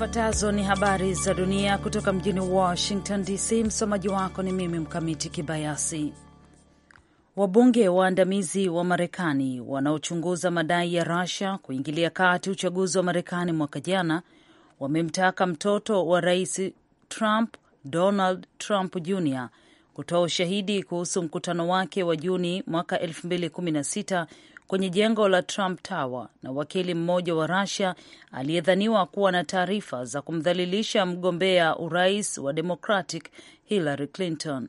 Zifuatazo ni habari za dunia kutoka mjini Washington DC. Msomaji wako ni mimi Mkamiti Kibayasi. Wabunge waandamizi wa Marekani wanaochunguza madai ya Russia kuingilia kati uchaguzi wa Marekani mwaka jana wamemtaka mtoto wa rais Trump, Donald Trump Jr, kutoa ushahidi kuhusu mkutano wake wa Juni mwaka 2016 kwenye jengo la Trump Tower na wakili mmoja wa Russia aliyedhaniwa kuwa na taarifa za kumdhalilisha mgombea urais wa Democratic Hillary Clinton.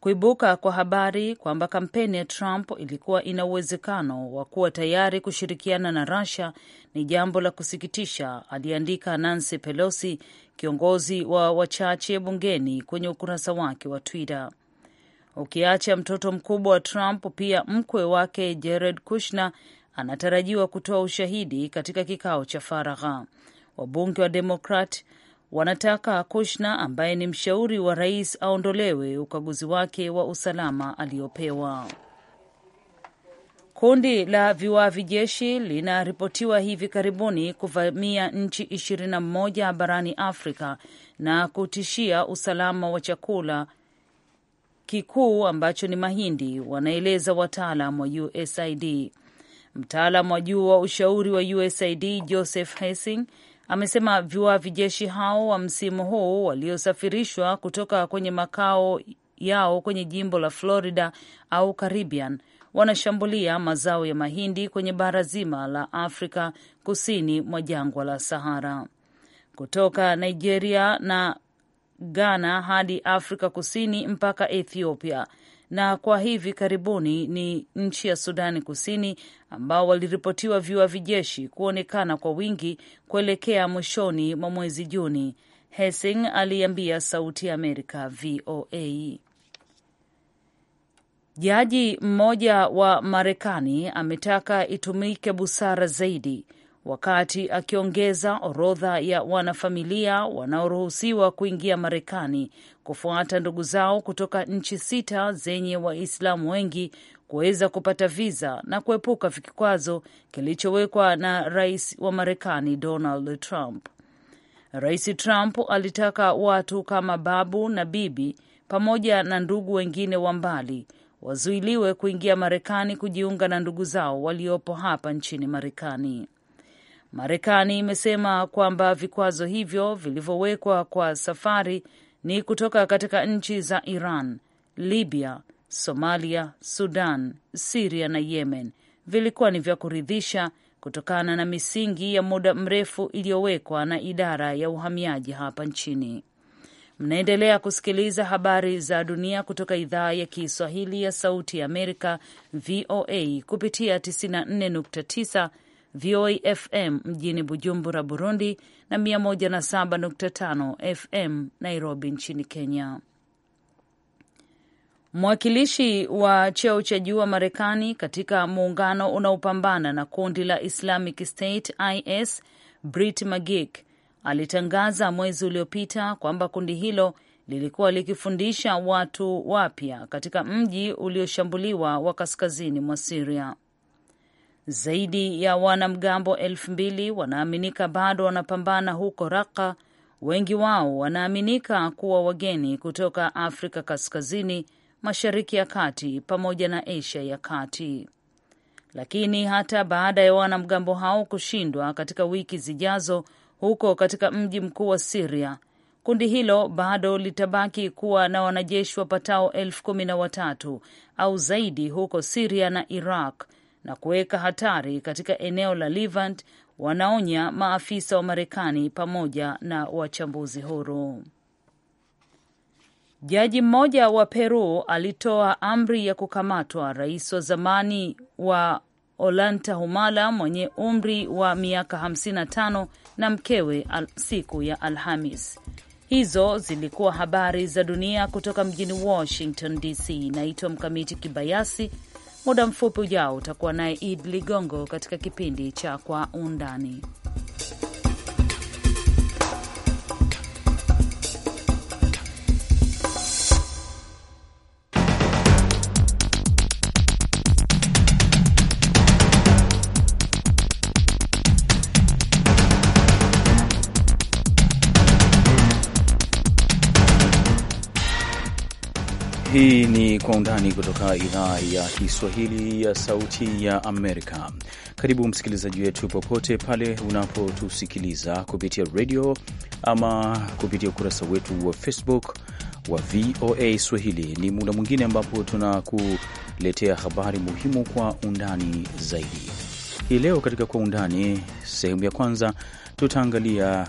Kuibuka kwa habari kwamba kampeni ya Trump ilikuwa ina uwezekano wa kuwa tayari kushirikiana na Russia ni jambo la kusikitisha, aliandika Nancy Pelosi, kiongozi wa wachache bungeni kwenye ukurasa wake wa Twitter. Ukiacha mtoto mkubwa wa Trump, pia mkwe wake Jared Kushner anatarajiwa kutoa ushahidi katika kikao cha faragha. Wabunge wa Demokrat wanataka Kushner ambaye ni mshauri wa rais aondolewe ukaguzi wake wa usalama aliopewa. Kundi la viwavi jeshi linaripotiwa hivi karibuni kuvamia nchi 21 barani Afrika na kutishia usalama wa chakula kikuu ambacho ni mahindi, wanaeleza wataalam wa USAID. Mtaalam wa juu wa ushauri wa USAID Joseph Hessing amesema viwavi jeshi hao wa msimu huu waliosafirishwa kutoka kwenye makao yao kwenye jimbo la Florida au Caribbean wanashambulia mazao ya mahindi kwenye bara zima la Afrika kusini mwa jangwa la Sahara. Kutoka Nigeria na Ghana hadi Afrika Kusini mpaka Ethiopia na kwa hivi karibuni ni nchi ya Sudani Kusini ambao waliripotiwa viwavi vijeshi kuonekana kwa wingi kuelekea mwishoni mwa mwezi Juni. Hessing aliambia Sauti ya Amerika VOA. Jaji mmoja wa Marekani ametaka itumike busara zaidi wakati akiongeza orodha ya wanafamilia wanaoruhusiwa kuingia Marekani kufuata ndugu zao kutoka nchi sita zenye Waislamu wengi kuweza kupata viza na kuepuka vikwazo kilichowekwa na rais wa Marekani Donald Trump. Rais Trump alitaka watu kama babu na bibi pamoja na ndugu wengine wa mbali wazuiliwe kuingia Marekani kujiunga na ndugu zao waliopo hapa nchini Marekani. Marekani imesema kwamba vikwazo hivyo vilivyowekwa kwa safari ni kutoka katika nchi za Iran, Libya, Somalia, Sudan, Siria na Yemen vilikuwa ni vya kuridhisha kutokana na misingi ya muda mrefu iliyowekwa na idara ya uhamiaji hapa nchini. Mnaendelea kusikiliza habari za dunia kutoka idhaa ya Kiswahili ya Sauti ya Amerika, VOA, kupitia 94.9 VOA FM mjini Bujumbura, Burundi na 107.5 FM Nairobi nchini Kenya. Mwakilishi wa cheo cha juu wa Marekani katika muungano unaopambana na kundi la Islamic State IS Brit Magik alitangaza mwezi uliopita kwamba kundi hilo lilikuwa likifundisha watu wapya katika mji ulioshambuliwa wa kaskazini mwa Siria. Zaidi ya wanamgambo elfu mbili wanaaminika bado wanapambana huko raka Wengi wao wanaaminika kuwa wageni kutoka Afrika Kaskazini, Mashariki ya Kati pamoja na Asia ya Kati. Lakini hata baada ya wanamgambo hao kushindwa katika wiki zijazo huko katika mji mkuu wa Siria, kundi hilo bado litabaki kuwa na wanajeshi wapatao elfu kumi na watatu au zaidi huko Siria na Iraq na kuweka hatari katika eneo la Levant, wanaonya maafisa wa Marekani pamoja na wachambuzi huru. Jaji mmoja wa Peru alitoa amri ya kukamatwa rais wa zamani wa Olanta Humala mwenye umri wa miaka 55 na mkewe siku ya Alhamis. Hizo zilikuwa habari za dunia kutoka mjini Washington DC. Naitwa Mkamiti Kibayasi. Muda mfupi ujao utakuwa naye Id Ligongo katika kipindi cha Kwa Undani. Hii ni Kwa Undani kutoka idhaa ya Kiswahili ya Sauti ya Amerika. Karibu msikilizaji wetu popote pale unapotusikiliza kupitia redio ama kupitia ukurasa wetu wa Facebook wa VOA Swahili. Ni muda mwingine ambapo tunakuletea habari muhimu kwa undani zaidi. Hii leo katika Kwa Undani, sehemu ya kwanza, tutaangalia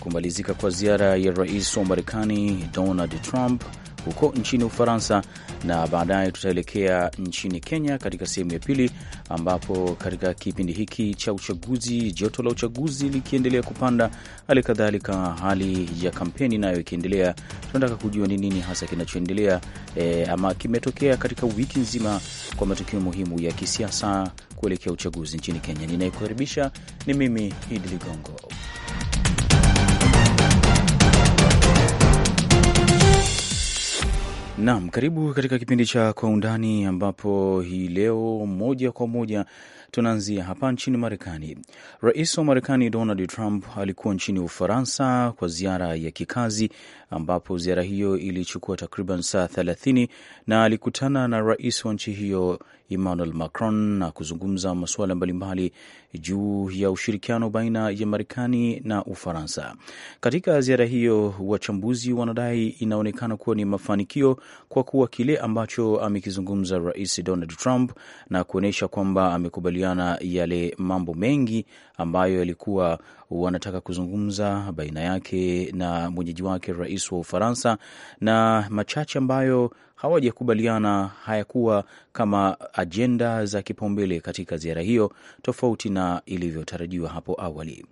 kumalizika kwa ziara ya rais wa Marekani Donald Trump huko nchini Ufaransa, na baadaye tutaelekea nchini Kenya katika sehemu ya pili, ambapo katika kipindi hiki cha uchaguzi, joto la uchaguzi likiendelea kupanda, hali kadhalika hali ya kampeni nayo ikiendelea, tunataka kujua ni nini hasa kinachoendelea e, ama kimetokea katika wiki nzima kwa matukio muhimu ya kisiasa kuelekea uchaguzi nchini Kenya. Ninayekukaribisha ni mimi Idi Ligongo. Naam, karibu katika kipindi cha Kwa Undani, ambapo hii leo moja kwa moja tunaanzia hapa nchini Marekani. Rais wa Marekani Donald Trump alikuwa nchini Ufaransa kwa ziara ya kikazi, ambapo ziara hiyo ilichukua takriban saa 30 na alikutana na rais wa nchi hiyo Emmanuel Macron na kuzungumza masuala mbalimbali juu ya ushirikiano baina ya Marekani na Ufaransa. Katika ziara hiyo, wachambuzi wanadai inaonekana kuwa ni mafanikio kwa kuwa kile ambacho amekizungumza Rais Donald Trump na kuonyesha kwamba amekubaliana yale mambo mengi ambayo yalikuwa wanataka kuzungumza baina yake na mwenyeji wake rais wa Ufaransa, na machache ambayo hawajakubaliana hayakuwa kama ajenda za kipaumbele katika ziara hiyo, tofauti na ilivyotarajiwa hapo awali.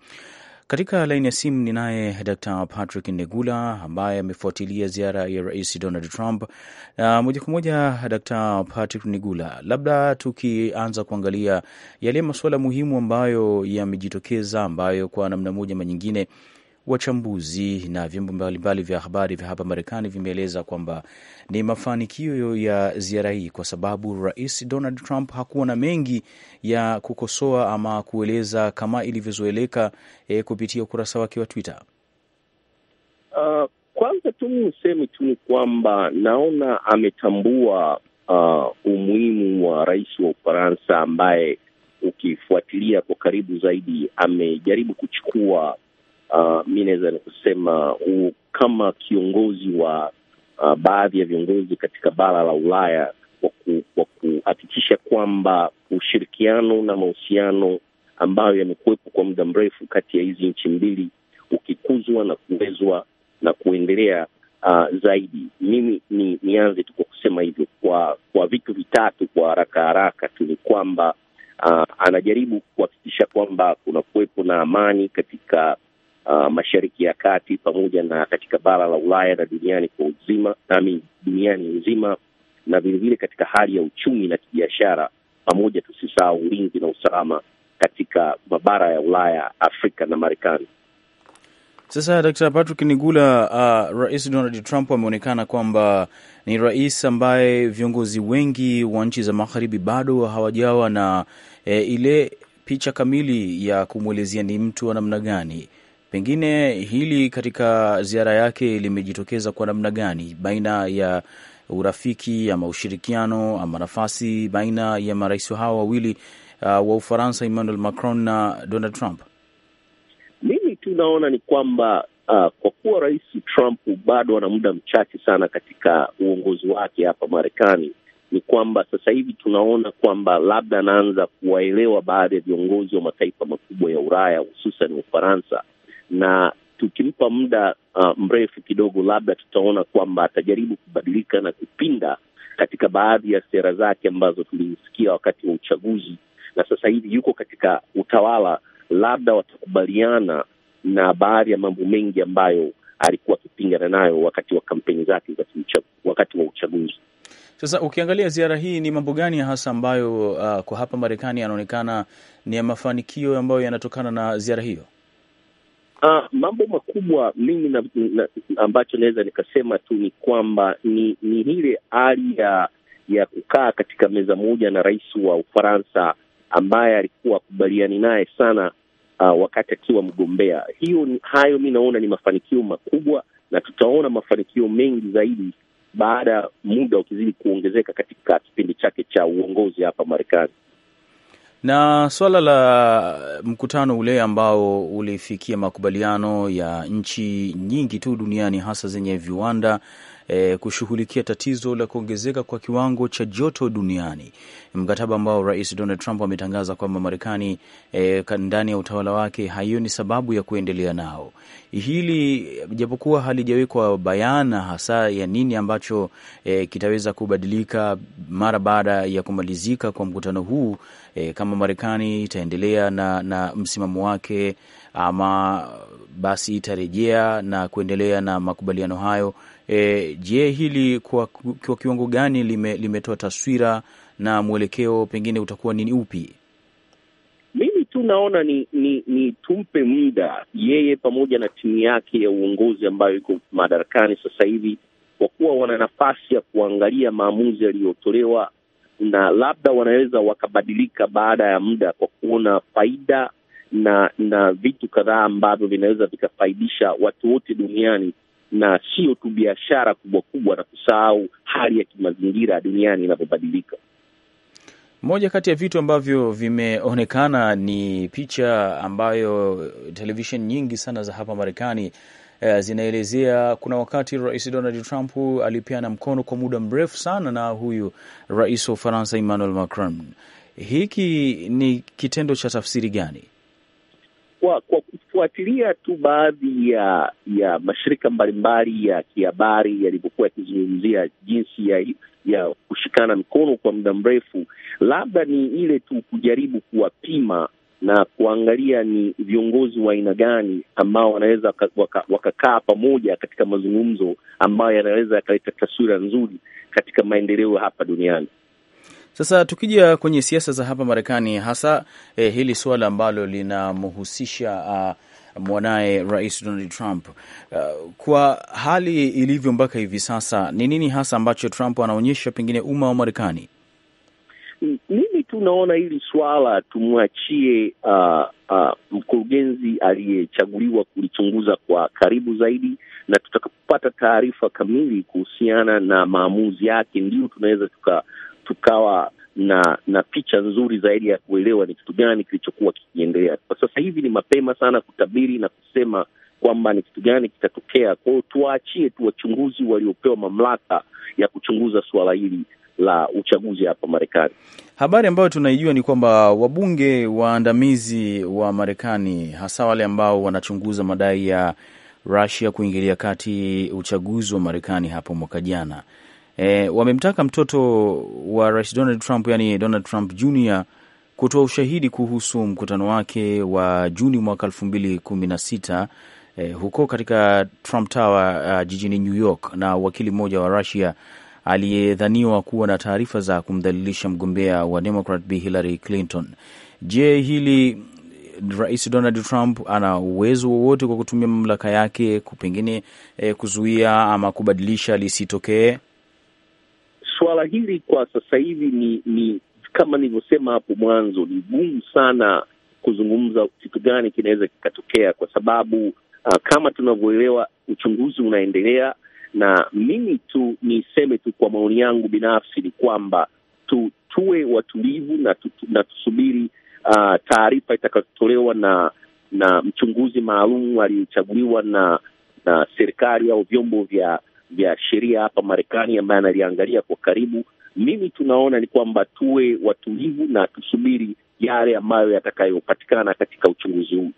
Katika laini ya simu ni naye Dr Patrick Negula ambaye amefuatilia ziara ya Rais Donald Trump. na moja kwa moja, Dr Patrick Negula, labda tukianza kuangalia yale masuala muhimu ambayo yamejitokeza, ambayo kwa namna moja ama nyingine wachambuzi na vyombo mbalimbali vya habari vya hapa Marekani vimeeleza kwamba ni mafanikio ya ziara hii kwa sababu Rais Donald Trump hakuwa na mengi ya kukosoa ama kueleza kama ilivyozoeleka eh, kupitia ukurasa wake wa Twitter. Uh, kwanza tu niseme tu ni kwamba naona ametambua uh, umuhimu wa rais wa Ufaransa ambaye ukifuatilia kwa karibu zaidi amejaribu kuchukua uh, mi naweza kusema uh, kama kiongozi wa uh, baadhi ya viongozi katika bara la Ulaya kwa kuhakikisha kwamba ushirikiano na mahusiano ambayo yamekuwepo kwa muda mrefu kati ya hizi nchi mbili ukikuzwa na kuwezwa na kuendelea uh, zaidi. Mimi ni nianze tu kwa kusema hivyo kwa kwa vitu vitatu kwa haraka haraka tu ni kwamba uh, anajaribu kuhakikisha kwamba kuna kuwepo na amani katika uh, Mashariki ya Kati pamoja na katika bara la Ulaya na duniani kwa uzima nami duniani nzima, na vilevile katika hali ya uchumi na kibiashara, pamoja tusisahau ulinzi na usalama katika mabara ya Ulaya, Afrika na Marekani. Sasa Dkt. Patrick Nigula, uh, Rais Donald Trump ameonekana kwamba ni rais ambaye viongozi wengi wa nchi za magharibi bado hawajawa na e, ile picha kamili ya kumwelezea ni mtu wa namna gani. Pengine hili katika ziara yake limejitokeza kwa namna gani baina ya urafiki ama ushirikiano ama nafasi baina ya marais hawa wawili uh, wa Ufaransa Emmanuel Macron na Donald Trump? Mimi tu naona ni kwamba uh, kwa kuwa Rais Trump bado ana muda mchache sana katika uongozi wake hapa Marekani, ni kwamba sasa hivi tunaona kwamba labda anaanza kuwaelewa baadhi ya viongozi wa mataifa makubwa ya Ulaya hususan Ufaransa na tukimpa muda uh, mrefu kidogo, labda tutaona kwamba atajaribu kubadilika na kupinda katika baadhi ya sera zake ambazo tulisikia wakati wa uchaguzi, na sasa hivi yuko katika utawala, labda watakubaliana na baadhi ya mambo mengi ambayo alikuwa akipingana nayo wakati wa kampeni zake wakati wa uchaguzi. Sasa ukiangalia ziara hii, ni mambo gani hasa ambayo uh, kwa hapa Marekani yanaonekana ni ya mafanikio ambayo yanatokana na ziara hiyo? Uh, mambo makubwa mimi na, na, ambacho naweza nikasema tu ni kwamba ni, ni ile hali ya ya kukaa katika meza moja na rais wa Ufaransa ambaye alikuwa akubaliani naye sana uh, wakati akiwa mgombea. Hiyo hayo mi naona ni mafanikio makubwa, na tutaona mafanikio mengi zaidi baada ya muda ukizidi kuongezeka katika kipindi chake cha uongozi hapa Marekani. Na swala la mkutano ule ambao ulifikia makubaliano ya nchi nyingi tu duniani hasa zenye viwanda E, kushughulikia tatizo la kuongezeka kwa kiwango cha joto duniani, mkataba ambao Rais Donald Trump ametangaza kwamba Marekani e, ndani ya utawala wake haiyo ni sababu ya kuendelea nao. Hili japokuwa halijawekwa bayana hasa ya nini ambacho e, kitaweza kubadilika mara baada ya kumalizika kwa mkutano huu, e, kama Marekani itaendelea na, na msimamo wake ama basi itarejea na kuendelea na makubaliano hayo. E, je, hili kwa, kwa kiwango gani lime, limetoa taswira na mwelekeo pengine utakuwa ni upi? Mimi tu naona ni, ni, ni tumpe muda yeye pamoja na timu yake ya uongozi ambayo iko madarakani sasa hivi, kwa kuwa wana nafasi ya kuangalia maamuzi yaliyotolewa na labda wanaweza wakabadilika baada ya muda kwa kuona faida na na vitu kadhaa ambavyo vinaweza vikafaidisha watu wote duniani na sio tu biashara kubwa kubwa, na kusahau hali ya kimazingira duniani inavyobadilika. Moja kati ya vitu ambavyo vimeonekana ni picha ambayo televisheni nyingi sana za hapa Marekani Eh, zinaelezea kuna wakati Rais Donald Trump alipeana mkono kwa muda mrefu sana na huyu rais wa Ufaransa Emmanuel Macron. Hiki ni kitendo cha tafsiri gani? Kwa, kwa kufuatilia tu baadhi ya ya mashirika mbalimbali ya kihabari yalivyokuwa yakizungumzia jinsi ya, ya kushikana mkono kwa muda mrefu, labda ni ile tu kujaribu kuwapima na kuangalia ni viongozi wa aina gani ambao wanaweza wakakaa waka pamoja katika mazungumzo ambayo yanaweza yakaleta taswira nzuri katika maendeleo hapa duniani. Sasa tukija kwenye siasa za hapa Marekani, hasa eh, hili suala ambalo linamhusisha uh, mwanaye Rais Donald Trump. Uh, kwa hali ilivyo mpaka hivi sasa, ni nini hasa ambacho Trump anaonyesha pengine umma wa Marekani? Ni tu naona hili swala tumwachie uh, uh, mkurugenzi aliyechaguliwa kulichunguza kwa karibu zaidi, na tutakapopata taarifa kamili kuhusiana na maamuzi yake ndio tunaweza tuka, tukawa na na picha nzuri zaidi ya kuelewa ni kitu gani kilichokuwa kikiendelea. Kwa sasa hivi ni mapema sana kutabiri na kusema kwamba ni kitu gani kitatokea. Kwa hiyo tuwaachie tu wachunguzi waliopewa mamlaka ya kuchunguza suala hili la uchaguzi hapa Marekani. Habari ambayo tunaijua ni kwamba wabunge waandamizi wa Marekani, hasa wale ambao wanachunguza madai ya Rusia kuingilia kati uchaguzi wa Marekani hapo mwaka jana, e, wamemtaka mtoto wa Rais Donald Trump, yani Donald Trump Jr kutoa ushahidi kuhusu mkutano wake wa Juni mwaka elfu mbili kumi na sita e, huko katika Trump Tower uh, jijini New York na wakili mmoja wa rusia aliyedhaniwa kuwa na taarifa za kumdhalilisha mgombea wa Democrat b Hillary Clinton. Je, hili Rais Donald Trump ana uwezo wowote kwa kutumia mamlaka yake pengine eh, kuzuia ama kubadilisha lisitokee? Suala hili kwa sasa hivi ni, ni kama nilivyosema hapo mwanzo, ni gumu sana kuzungumza kitu gani kinaweza kikatokea, kwa sababu uh, kama tunavyoelewa uchunguzi unaendelea na mimi tu niseme tu kwa maoni yangu binafsi ni kwamba tu, tuwe watulivu na, tutu, na tusubiri uh, taarifa itakayotolewa na na mchunguzi maalum aliyechaguliwa na na serikali au vyombo vya vya sheria hapa Marekani ambaye analiangalia kwa karibu. Mimi tunaona ni kwamba tuwe watulivu na tusubiri yale ambayo yatakayopatikana katika uchunguzi huu.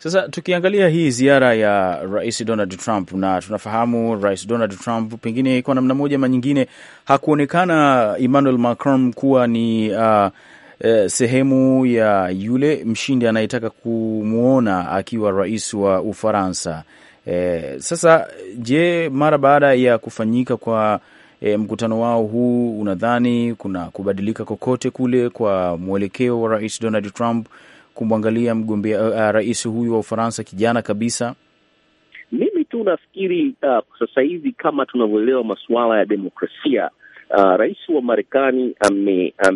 Sasa tukiangalia hii ziara ya Rais Donald Trump, na tunafahamu Rais Donald Trump pengine kwa namna moja ama nyingine hakuonekana Emmanuel Macron kuwa ni uh, eh, sehemu ya yule mshindi anayetaka kumwona akiwa rais wa Ufaransa. Eh, sasa je, mara baada ya kufanyika kwa E, mkutano wao huu unadhani kuna kubadilika kokote kule kwa mwelekeo wa Rais Donald Trump kumwangalia mgombea uh, rais huyu wa Ufaransa kijana kabisa? Mimi tu nafikiri uh, sasa hivi kama tunavyoelewa masuala ya demokrasia uh, rais wa Marekani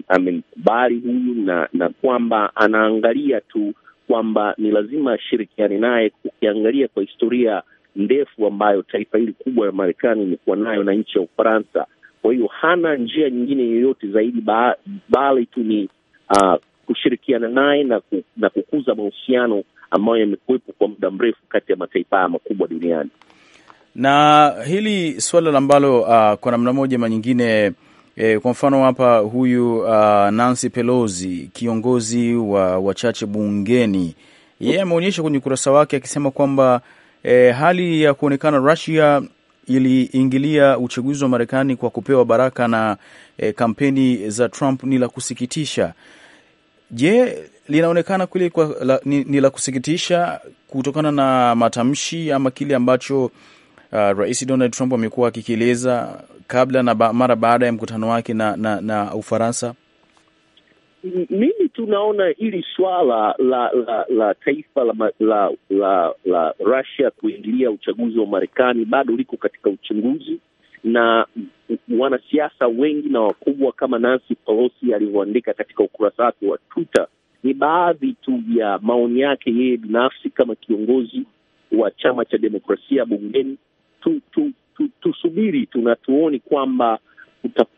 amemkubali am, huyu na na kwamba anaangalia tu kwamba ni lazima ashirikiane naye, ukiangalia kwa historia ndefu ambayo taifa hili kubwa la Marekani imekuwa nayo na nchi ya Ufaransa. Kwa hiyo hana njia nyingine yoyote zaidi bali tu ni uh, kushirikiana naye na, ku, na kukuza mahusiano ambayo yamekuwepo kwa muda mrefu kati ya mataifa haya makubwa duniani. Na hili suala ambalo uh, kwa namna moja ama nyingine eh, kwa mfano hapa huyu uh, Nancy Pelosi kiongozi wa wachache bungeni, yeye ameonyesha kwenye ukurasa wake akisema kwamba eh, hali ya kuonekana Russia iliingilia uchaguzi wa Marekani kwa kupewa baraka na eh, kampeni za Trump ni la kusikitisha. Je, linaonekana kweli kwa, la, ni, ni la kusikitisha kutokana na matamshi ama kile ambacho uh, Rais Donald Trump amekuwa akikieleza kabla na ba, mara baada ya mkutano wake na, na, na Ufaransa? Mimi tunaona hili swala la la la taifa la la la, la Russia kuingilia uchaguzi wa Marekani bado liko katika uchunguzi na wanasiasa wengi na wakubwa kama Nancy Pelosi alivyoandika katika ukurasa wake wa Twitter ni baadhi tu ya maoni yake yeye binafsi kama kiongozi wa chama cha demokrasia bungeni. Tusubiri tu, tu, tu, tu na tuoni kwamba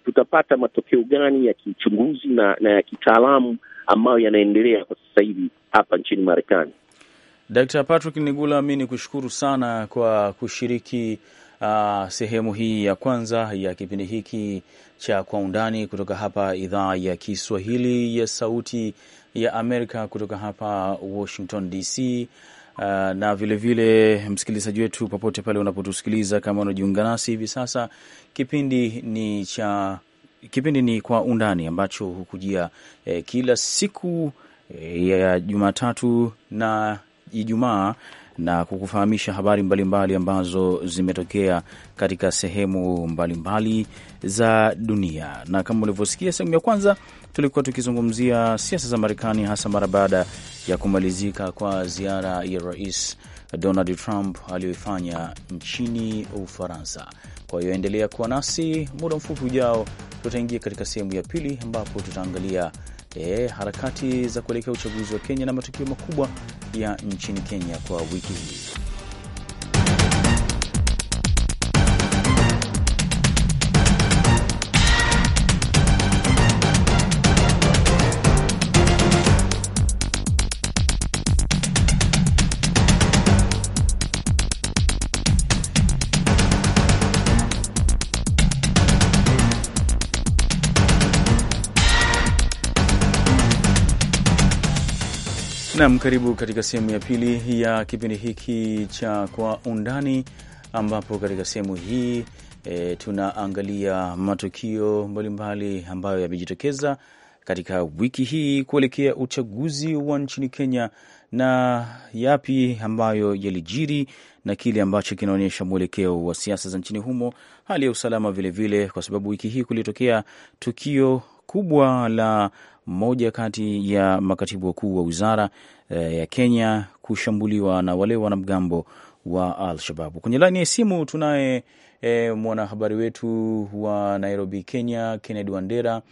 tutapata matokeo gani ya kiuchunguzi na, na ya kitaalamu ambayo yanaendelea kwa sasa hivi hapa nchini Marekani. Dkt. Patrick Nigula, mi ni kushukuru sana kwa kushiriki uh, sehemu hii ya kwanza ya kipindi hiki cha Kwa Undani kutoka hapa idhaa ya Kiswahili ya Sauti ya Amerika kutoka hapa Washington DC. Uh, ah, na vilevile msikilizaji wetu popote pale unapotusikiliza, kama unajiunga nasi hivi sasa, kipindi ni cha kipindi ni Kwa Undani ambacho hukujia eh, kila siku eh, ya Jumatatu na Ijumaa na kukufahamisha habari mbalimbali mbali ambazo zimetokea katika sehemu mbalimbali mbali za dunia. Na kama ulivyosikia sehemu ya kwanza, tulikuwa tukizungumzia siasa za Marekani, hasa mara baada ya kumalizika kwa ziara ya Rais Donald Trump aliyoifanya nchini Ufaransa. Kwa hiyo endelea kuwa nasi, muda mfupi ujao tutaingia katika sehemu ya pili ambapo tutaangalia e, harakati za kuelekea uchaguzi wa Kenya na matukio makubwa ya nchini Kenya kwa wiki hii. Nam, karibu katika sehemu ya pili ya kipindi hiki cha Kwa Undani, ambapo katika sehemu hii e, tunaangalia matukio mbalimbali ambayo yamejitokeza katika wiki hii kuelekea uchaguzi wa nchini Kenya na yapi ambayo yalijiri na kile ambacho kinaonyesha mwelekeo wa siasa za nchini humo, hali ya usalama vilevile vile, kwa sababu wiki hii kulitokea tukio kubwa la mmoja kati ya makatibu wakuu wa wizara eh, ya Kenya kushambuliwa na wale wanamgambo wa Al-Shababu. Kwenye laini ya simu tunaye eh, mwanahabari wetu wa Nairobi, Kenya, Kennedy Wandera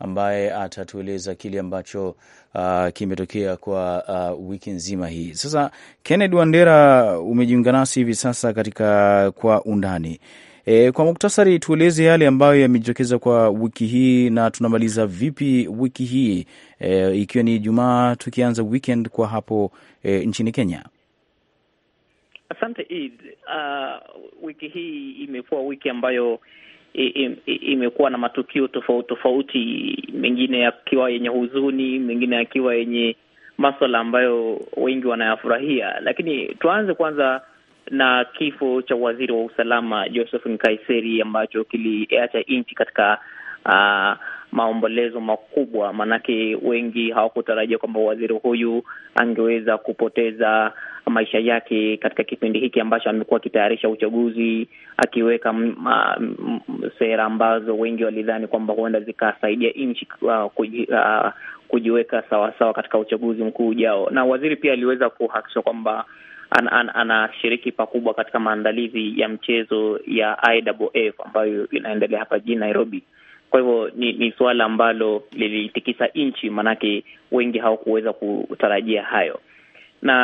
ambaye atatueleza kile ambacho uh, kimetokea kwa uh, wiki nzima hii. Sasa Kennedy Wandera, umejiunga nasi hivi sasa katika kwa undani E, kwa muktasari tueleze yale ambayo yamejitokeza kwa wiki hii na tunamaliza vipi wiki hii e, ikiwa ni Ijumaa tukianza weekend kwa hapo e, nchini Kenya. Asante Uh, wiki hii imekuwa wiki ambayo imekuwa na matukio tofauti tofauti, mengine yakiwa yenye huzuni, mengine yakiwa yenye maswala ambayo wengi wanayafurahia, lakini tuanze kwanza na kifo cha waziri wa usalama Joseph Nkaiseri ambacho kiliacha nchi katika uh, maombolezo makubwa, maanake wengi hawakutarajia kwamba waziri huyu angeweza kupoteza maisha yake katika kipindi hiki ambacho amekuwa akitayarisha uchaguzi, akiweka mm, mm, sera ambazo wengi walidhani kwamba huenda zikasaidia nchi uh, ah, kuji, uh, kujiweka sawasawa katika uchaguzi mkuu ujao. Na waziri pia aliweza kuhakikisha kwamba an, an, anashiriki pakubwa katika maandalizi ya mchezo ya IAAF ambayo inaendelea hapa jijini Nairobi. Kwa hivyo ni, ni suala ambalo lilitikisa nchi, maanake wengi hawakuweza kutarajia hayo na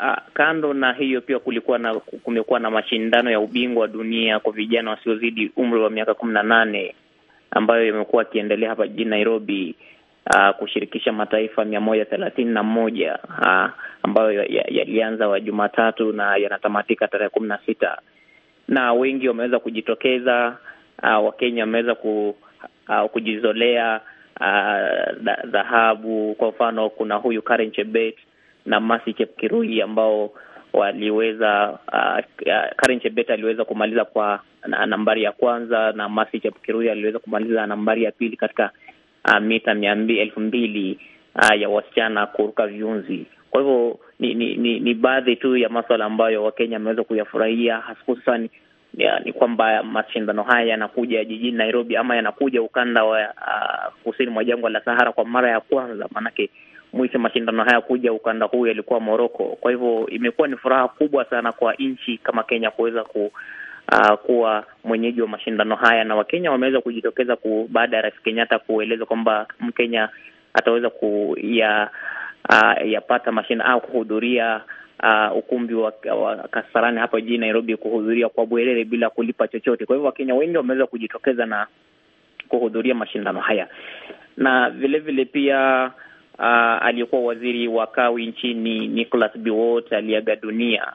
a, kando na hiyo pia kulikuwa na kumekuwa na mashindano ya ubingwa wa dunia kwa vijana wasiozidi umri wa miaka kumi na nane ambayo yamekuwa akiendelea hapa jijini Nairobi uh, kushirikisha mataifa mia moja thelathini na moja uh, ambayo yalianza wa Jumatatu na yanatamatika tarehe kumi na sita na wengi wameweza kujitokeza. Uh, Wakenya wameweza ku, uh, kujizolea uh, dhahabu. Uh, kwa mfano kuna huyu Karen Chebet na Masi Chepkirui ambao waliweza uh, uh, Karen Chebet aliweza kumaliza kwa nambari ya kwanza na Masi Chepkirui aliweza kumaliza nambari ya pili katika uh, mita mia mbili elfu mbili uh, ya wasichana kuruka viunzi. Kwa hivyo ni, ni, ni, ni baadhi tu ya maswala ambayo Wakenya wameweza kuyafurahia hususan ya, ni kwamba mashindano haya yanakuja jijini Nairobi ama yanakuja ukanda wa uh, kusini mwa jangwa la Sahara kwa mara ya kwanza, maanake mwisho mashindano haya kuja ukanda huu yalikuwa Moroko. Kwa hivyo imekuwa ni furaha kubwa sana kwa nchi kama Kenya kuweza ku uh, kuwa mwenyeji wa mashindano haya, na Wakenya wameweza kujitokeza ku, baada ya Rais Kenyatta kueleza kwamba Mkenya ataweza kuyapata uh, mashindano au kuhudhuria Uh, ukumbi wa, wa Kasarani hapa jijini Nairobi kuhudhuria kwa bwerere bila kulipa chochote. Kwa hivyo Wakenya wengi wameweza kujitokeza na kuhudhuria mashindano haya, na vile vile pia uh, aliyekuwa waziri wa kawi nchini Nicholas Biwott aliaga dunia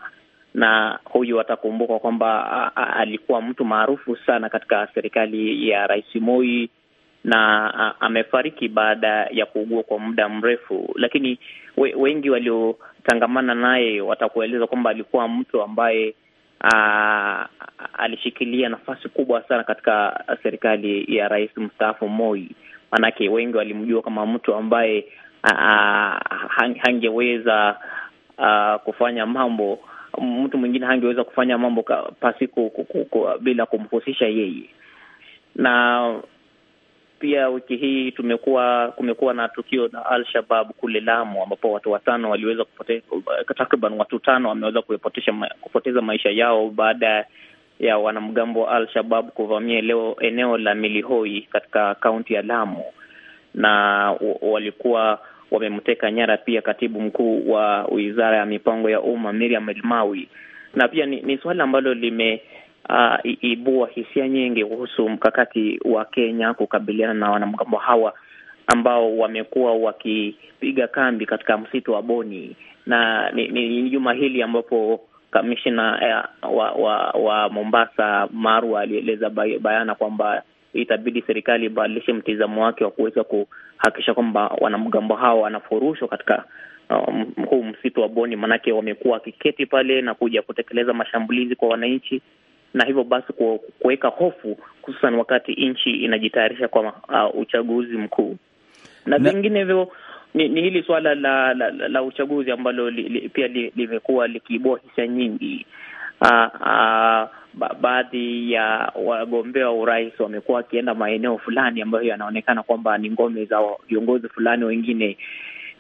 na huyu atakumbukwa kwamba alikuwa mtu maarufu sana katika serikali ya Rais Moi na amefariki baada ya kuugua kwa muda mrefu, lakini we, wengi waliotangamana naye watakueleza kwamba alikuwa mtu ambaye alishikilia nafasi kubwa sana katika serikali ya Rais mstaafu Moi. Maanake wengi walimjua kama mtu ambaye a, hangeweza kufanya mambo mtu mwingine hangeweza kufanya mambo pasi bila kumhusisha yeye. Na pia wiki hii tumekuwa kumekuwa na tukio la Al-Shabab kule Lamu, ambapo watu watano waliweza kupoteza, takriban watu tano wameweza kupoteza maisha yao baada ya wanamgambo wa Al-Shabab kuvamia leo eneo la Milihoi katika kaunti ya Lamu na walikuwa wamemteka nyara pia katibu mkuu wa wizara ya mipango ya umma Miriam Elmawi, na pia ni, ni suala ambalo lime uh, ibua hisia nyingi kuhusu mkakati wa Kenya kukabiliana na wanamgambo hawa ambao wamekuwa wakipiga kambi katika msitu wa Boni, na ni juma hili ambapo kamishna eh, wa, wa wa Mombasa Marwa alieleza bayana kwamba itabidi serikali ibadilishe mtizamo wake wa kuweza ku hakikisha kwamba wanamgambo hawa wanafurushwa katika um, huu msitu wa Boni, maanake wamekuwa wakiketi pale na kuja kutekeleza mashambulizi kwa wananchi, na hivyo basi kuweka hofu, hususan wakati nchi inajitayarisha kwa uh, uchaguzi mkuu na vinginevyo ni, ni hili suala la, la, la, la uchaguzi ambalo li, li, pia limekuwa li likiibua hisia nyingi. Uh, uh, baadhi ya wagombea wa urais wamekuwa wakienda maeneo fulani ambayo yanaonekana kwamba ni ngome za viongozi fulani wengine,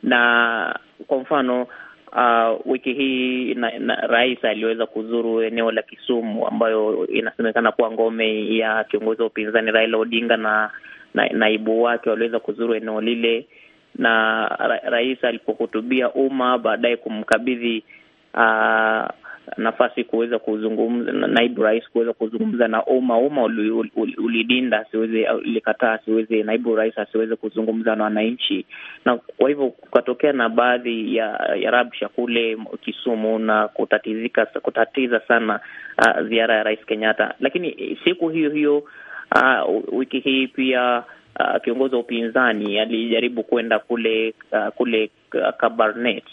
na kwa mfano Uh, wiki hii na, na, rais aliweza kuzuru eneo la Kisumu ambayo inasemekana kuwa ngome ya kiongozi wa upinzani Raila Odinga na, na naibu wake waliweza kuzuru eneo lile, na ra, rais alipohutubia umma baadaye kumkabidhi uh, nafasi kuweza kuzungumza na naibu rais kuweza kuzungumza na umma. Umma ulidinda asiweze, ulikataa asiweze, naibu rais asiweze kuzungumza na wananchi, na kwa hivyo kukatokea na baadhi ya, ya rabsha kule Kisumu na kutatizika, kutatiza sana uh, ziara ya rais Kenyatta. Lakini siku hiyo hiyo uh, wiki hii pia uh, kiongozi wa upinzani alijaribu kwenda kule uh, kule uh, Kabarnet,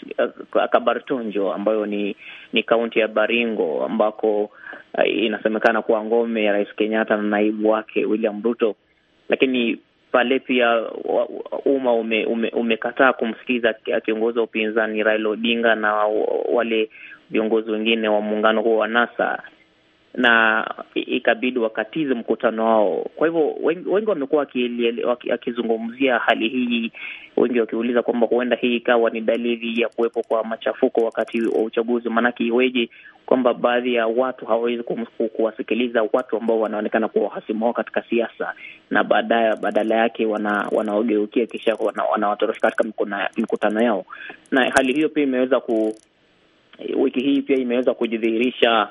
uh, Kabartonjo ambayo ni ni kaunti ya Baringo ambako uh, inasemekana kuwa ngome ya Rais Kenyatta na naibu wake William Ruto, lakini pale pia umma ume, ume, umekataa kumsikiza kiongozi wa upinzani Raila Odinga na wale viongozi wengine wa muungano huo wa NASA na ikabidi wakatize mkutano wao. Kwa hivyo wengi wamekuwa wakizungumzia hali hii, wengi wakiuliza kwamba huenda hii ikawa ni dalili ya kuwepo kwa machafuko wakati wa uchaguzi. Maanake iweje kwamba baadhi ya watu hawawezi kuwasikiliza watu ambao wanaonekana kuwa wahasimu wao katika siasa, na baadaye badala yake wanaogeukia wana kisha wanawatorosha wana katika mikutano yao, na hali hiyo pia imeweza ku wiki hii pia imeweza kujidhihirisha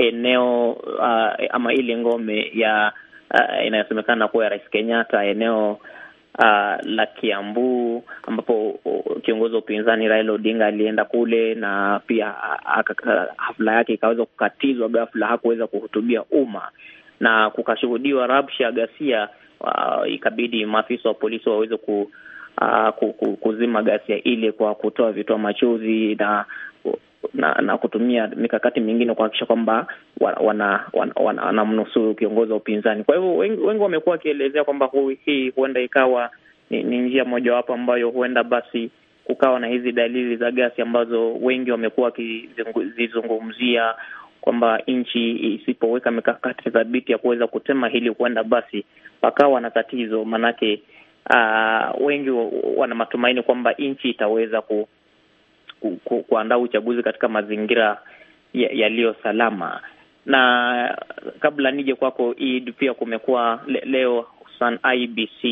eneo uh, ama ile ngome ya uh, inayosemekana kuwa ya Rais Kenyatta eneo Uh, la Kiambu ambapo uh, kiongozi wa upinzani Raila Odinga alienda kule na pia uh, hafla yake ikaweza kukatizwa ghafla, hakuweza kuhutubia umma na kukashuhudiwa rabsha, ghasia. Uh, ikabidi maafisa wa polisi waweze ku, uh, kuzima ghasia ile kwa kutoa vitoa machozi na na, na kutumia mikakati mingine kuhakikisha kwamba wanamnusuru wana, wana, wana, wana kiongozi wa upinzani. Kwa hivyo wengi, wengi wamekuwa wakielezea kwamba hii huenda ikawa ni, ni njia mojawapo ambayo huenda basi kukawa na hizi dalili za gasi ambazo wengi wamekuwa wakizizungumzia kwamba nchi isipoweka mikakati thabiti ya kuweza kutema hili huenda basi pakawa na tatizo, maanake uh, ah, wengi wana matumaini kwamba nchi itaweza ku ku, ku, kuandaa uchaguzi katika mazingira yaliyo ya salama. Na kabla nije kwako Eid, pia kumekuwa le, leo hususan IBC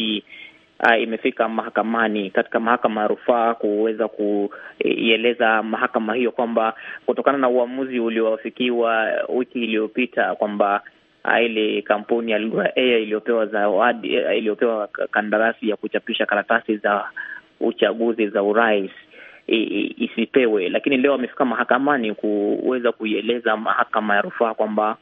uh, ah, imefika mahakamani katika mahakama ya rufaa kuweza kuieleza mahakama hiyo kwamba kutokana na uamuzi uliofikiwa wiki iliyopita kwamba ah, ile kampuni ya Lugha Air iliyopewa zawadi eh, iliyopewa kandarasi ya kuchapisha karatasi za uchaguzi za urais isipewe, lakini leo amefika mahakamani kuweza kuieleza mahakama ya rufaa kwamba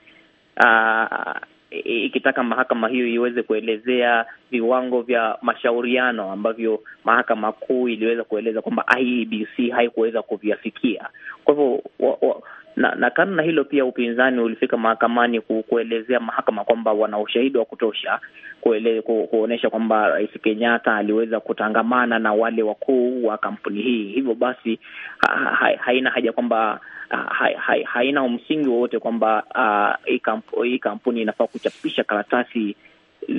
ikitaka mahakama hiyo iweze kuelezea viwango vya mashauriano ambavyo mahakama kuu iliweza kueleza kwamba IEBC haikuweza kuviafikia. Kwa hivyo na, na kando na hilo pia upinzani ulifika mahakamani kuelezea mahakama kwamba wana ushahidi wa kutosha kuele, ku, kuonyesha kwamba Rais Kenyatta aliweza kutangamana na wale wakuu wa kampuni hii. Hivyo basi ha, ha, haina haja kwamba ha, ha, haina msingi wowote kwamba hii uh, kampuni inafaa kuchapisha karatasi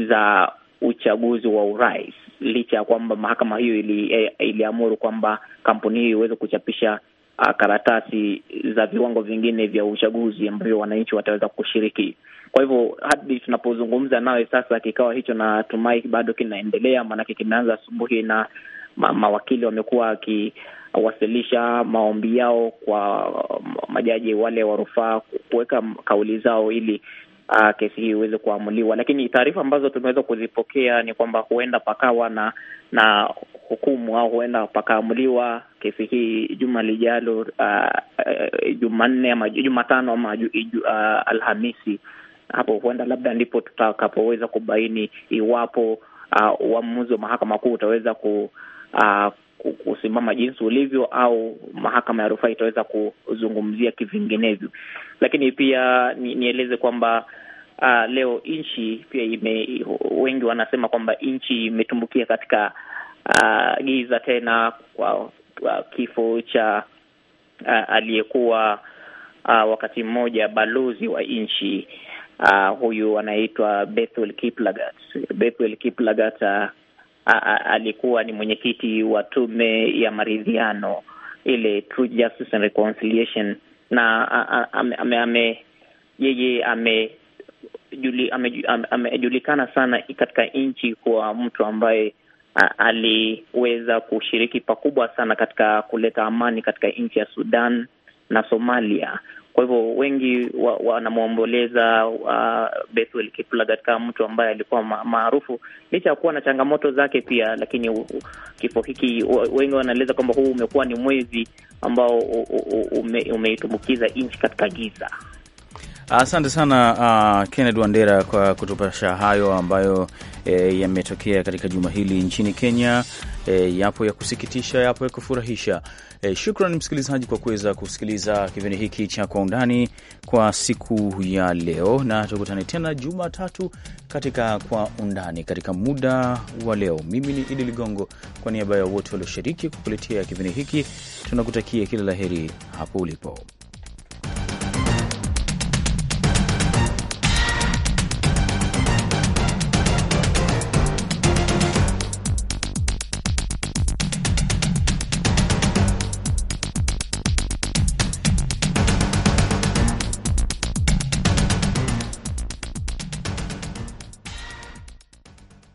za uchaguzi wa urais licha ya kwamba mahakama hiyo ili, eh, iliamuru kwamba kampuni hiyo iweze kuchapisha Uh, karatasi za viwango vingine vya uchaguzi ambavyo wananchi wataweza kushiriki. Kwa hivyo hadi tunapozungumza nawe sasa, kikao hicho na tumai bado kinaendelea, maanake kimeanza asubuhi na ma mawakili wamekuwa wakiwasilisha maombi yao kwa um, majaji wale wa rufaa kuweka kauli zao ili uh, kesi hii iweze kuamuliwa, lakini taarifa ambazo tumeweza kuzipokea ni kwamba huenda pakawa na na hukumu au huenda pakaamuliwa kesi hii juma lijalo, uh, uh Jumanne ama Jumatano ama uh, Alhamisi. Hapo huenda labda ndipo tutakapoweza kubaini iwapo uh, uamuzi wa mahakama kuu utaweza ku uh, kusimama jinsi ulivyo, au mahakama ya rufaa itaweza kuzungumzia kivinginevyo. Lakini pia ni, nieleze kwamba uh, leo nchi pia ime, wengi wanasema kwamba nchi imetumbukia katika uh, giza tena kwa, kwa kifo cha uh, aliyekuwa uh, wakati mmoja balozi wa nchi uh, huyu anaitwa Kiplagat. Kiplagat uh, alikuwa ni mwenyekiti wa tume ya maridhiano ile Justice and Reconciliation, na ame, ame, yeye amejulikana ame, ame, sana katika nchi kwa mtu ambaye aliweza kushiriki pakubwa sana katika kuleta amani katika nchi ya Sudan na Somalia kwa hivyo wengi wanamwomboleza wa uh, Bethwel Kiplagat kama mtu ambaye alikuwa maarufu licha ya kuwa na changamoto zake pia, lakini kifo hiki wengi wanaeleza kwamba huu umekuwa ni mwezi ambao umeitumbukiza nchi katika giza. Asante sana uh, Kennedy Wandera kwa kutupasha hayo ambayo eh, yametokea katika juma hili nchini Kenya e, yapo ya kusikitisha, yapo ya kufurahisha. E, eh, shukran msikilizaji kwa kuweza kusikiliza kipindi hiki cha Kwa Undani kwa siku ya leo, na tukutane tena Jumatatu katika Kwa Undani katika muda wa leo. Mimi ni Idi Ligongo, kwa niaba ya wote walioshiriki kukuletea kipindi hiki tunakutakia kila la heri hapo ulipo.